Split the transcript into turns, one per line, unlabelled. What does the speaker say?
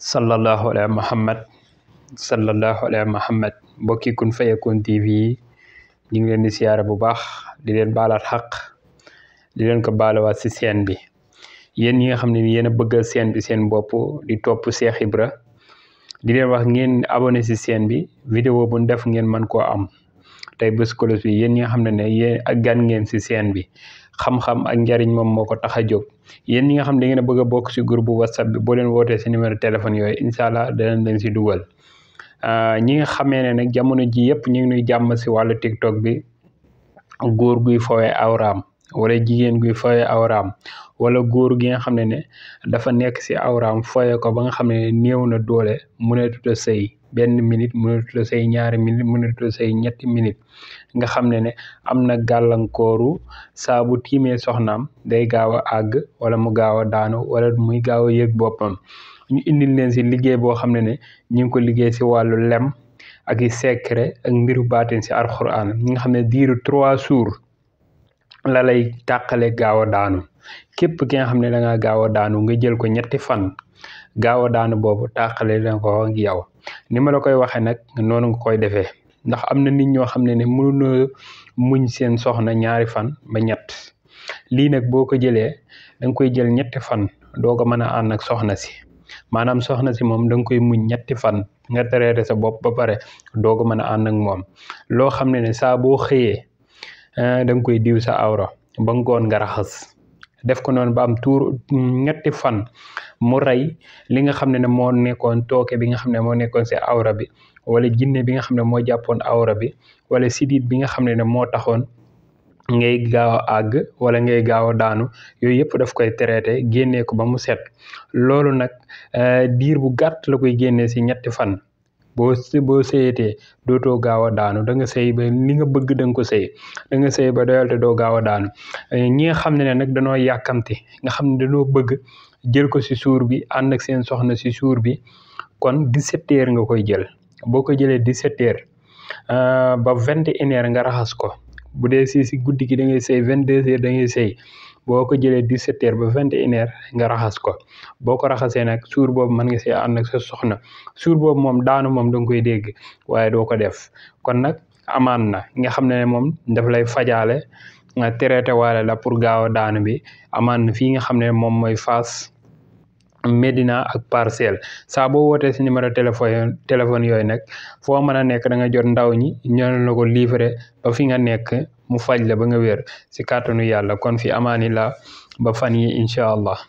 sallallahu ala muhammad sallallahu ala muhammad mbokki Kun Fayakoun TV yi ñu ngi leen di siyaare bu baax di leen baalaat xaq di leen ko baalawaat ci seen bi yéen yi nga xam ne ni yéen a bëggal seen bi seen bopp di topp Cheikh Ibra di leen wax ngeen abone si seen bi video bu def ngeen mën koo am tey bés kolos bi yéen yi nga xam ne ne yéen ak gan ngeen si seen bi xam-xam ak njariñ moom moo ko tax a jóg yéen ñi nga xam ne ngeen a bëgg a bokk si groupe bu whatsapp bi boo leen wootee si numéro téléphone yooyu incha allah danañ leen si dugal euh, ñi nga xamee ne nag jamono ji yëpp ñu ngi nuy jàmm si wàllu tiktok bi góor guy fowee awraam wala jigéen guy fowee awraam wala góor gi nga xam ne ne dafa nekk si awraam fowee ko ba nga xam ne néew na doole mënatut a sëy benn minute mënatu la say ñaari minute mënatu la ñetti minute nga xam ne ne am na gàllankooru saa bu tiimee soxnaam day gaaw a àgg wala mu gaaw a daanu wala muy gaaw a yëg boppam ñu indil leen si liggéey boo xam ne ne ñu ngi ko liggéey si wàllu lem ak i secret ak mbiru baaten si alxuraan ñi nga xam ne diiru trois jours la lay tàqale gaaw a daanu képp ki nga xam ne da gaaw a daanu nga jël ko ñetti fan gaaw a daanu boobu tàqale na ko ak yow ni ma la koy waxee nag noonu nga koy defee ndax am na nit ñoo xam ne ne mënuñoo muñ seen soxna ñaari fan ba ñett lii nag boo ko jëlee da koy jël ñetti fan doo ko mën a ànd ak soxna si maanaam soxna si moom da koy muñ ñetti fan nga traité sa bopp ba pare doo ko mën a ànd ak moom loo xam ne ne saa boo xëyee eh, dang koy diw sa awra ba nga raxas def ko noonu ba am tuur ñetti fan mu rey li nga xam ne ne mo nekkoon tooke bi nga xam ne moo nekkoon si awra bi wala jinne bi nga xam ne moo jàppoon awra bi wala sidit bi nga xam ne ne moo taxoon ngay gaaw a àgg wala ngay gaaw a daanu yooyu yëpp daf koy traité génnee ko ba mu set loolu nag eh, diir bu gàtt la koy génnee si ñetti fan boo boo sëyatee dootoo gaaw a daanu da nga sëy ba li nga bëgg danga ko sey danga sey ba doyal te doo gaaw a daanu eh, ñi nga xam ne ne nag danoo yàkkamti nga xam ne danoo bëgg jël ko si suur bi ànd ak seen soxna si suur bi kon 17 heures nga koy jël boo ko jëlee 17 heures eh, ba 21 heures nga raxas ko bu dee si si guddi ki da ngay sëy 22 heures da ngay sëy boo ko jëlee dix sept heures ba vingt et nga raxas ko boo ko raxasee nag suur boobu mën nga see ànd ak sa soxna suur boobu moom daanu moom da koy dégg waaye doo ko def kon nag amaan na nga xam ne ne moom daf lay fajaale nga traité waale la pour gaaw a daanu bi amaan na fii nga xam ne moom mooy Fass Médina ak parcelle saa boo wootee si numéro téléphone téléphone yooyu nag foo mën a nekk da nga jot ndaw ñi ñoo la ko ba fi nga nekk mu faj la ba nga wér si kàttanu yàlla kon fi amaani la ba fan yi incha allah